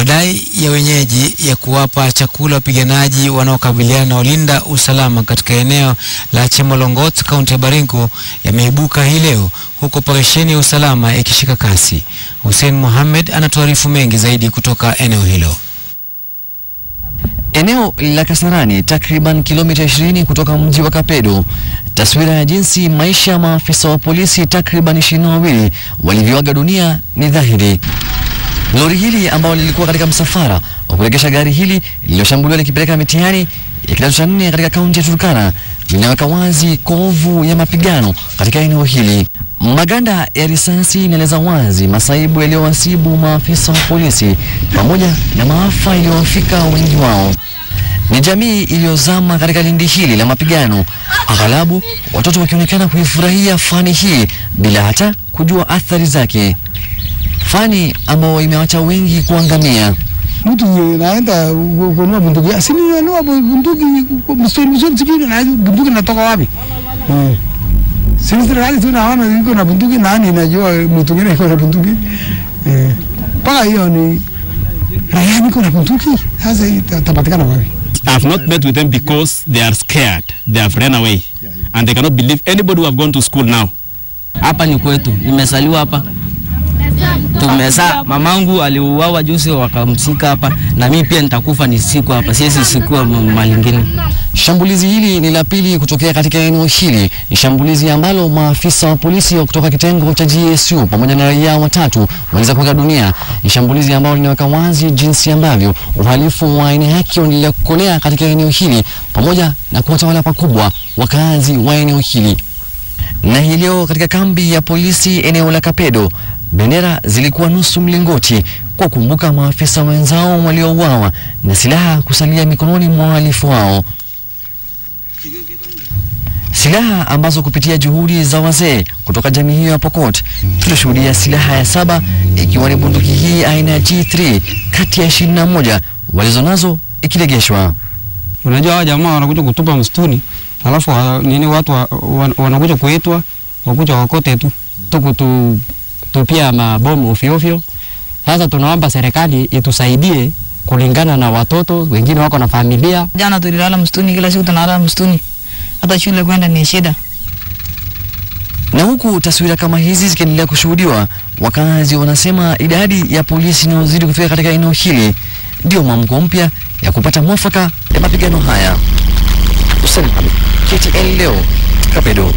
Madai ya wenyeji ya kuwapa chakula wapiganaji wanaokabiliana na walinda usalama katika eneo la Chemolongot, kaunti ya Baringo yameibuka hii leo huku operesheni ya usalama ikishika kasi. Hussein Mohamed anatuarifu mengi zaidi kutoka eneo hilo. Eneo la Kasarani, takriban kilomita 20 kutoka mji wa Kapedo, taswira ya jinsi maisha ya maafisa wa polisi takriban ishirini na wawili walivyoaga dunia ni dhahiri. Lori hili ambalo lilikuwa katika msafara wa kuregesha gari hili lililoshambuliwa likipeleka mitihani ya kidato cha nne katika kaunti ya Turkana linaweka wazi kovu ya mapigano katika eneo hili. Maganda ya risasi inaeleza wazi masaibu yaliyowasibu maafisa wa polisi pamoja na maafa yaliyowafika wengi wao. Ni jamii iliyozama katika lindi hili la mapigano, aghalabu watoto wakionekana kuifurahia fani hii bila hata kujua athari zake fani ambayo imewacha wengi kuangamia. Mtu naenda kununua bunduki, si nielewa bunduki msituni msituni, sijui na bunduki natoka wapi? Eh. Sisi serikali tunaona iko na bunduki, nani najua mtu mwingine iko na bunduki? Eh. Mpaka hiyo ni raia niko na bunduki, sasa itapatikana wapi? I have not met with them because they are scared. They have run away and they cannot believe anybody who have gone to school now. Hapa ni kwetu, nimesaliwa hapa Tumeza mamangu aliuawa juzi, wakamsika hapa, na mimi pia nitakufa ni siku hapa, siwezi sikua mali nyingine. Shambulizi hili ni la pili kutokea katika eneo hili. Ni shambulizi ambalo maafisa wa polisi kutoka kitengo cha GSU pamoja na raia watatu waliweza kuaga dunia. Ni shambulizi ambalo linaweka wazi jinsi ambavyo uhalifu wa aina yake unaendelea kukolea katika eneo hili pamoja na kuwatawala pakubwa wakaazi wa eneo hili. Na hii leo katika kambi ya polisi eneo la Kapedo Bendera zilikuwa nusu mlingoti kwa kumbuka maafisa wenzao waliouawa na silaha kusalia mikononi mwa wahalifu wao, silaha ambazo kupitia juhudi za wazee kutoka jamii hiyo ya Pokot tulishuhudia silaha ya saba ikiwa ni bunduki hii aina ya G3 kati ya 21 walizonazo ikilegeshwa. Unajua, hawa jamaa wanakuja kutupa msituni, alafu ah, nini, watu wanakuja kuitwa wakuja wakote tu tukutu kutupia mabomu ovyo ovyo. Sasa tunaomba serikali itusaidie kulingana na watoto wengine wako na familia. Jana tulilala mstuni, kila siku tunalala mstuni, hata shule kwenda ni shida. Na huku taswira kama hizi zikiendelea kushuhudiwa, wakazi wanasema idadi ya polisi inayozidi kufika katika eneo hili ndio mwamko mpya ya kupata mwafaka ya mapigano haya. Hussein KTN leo Kapedo.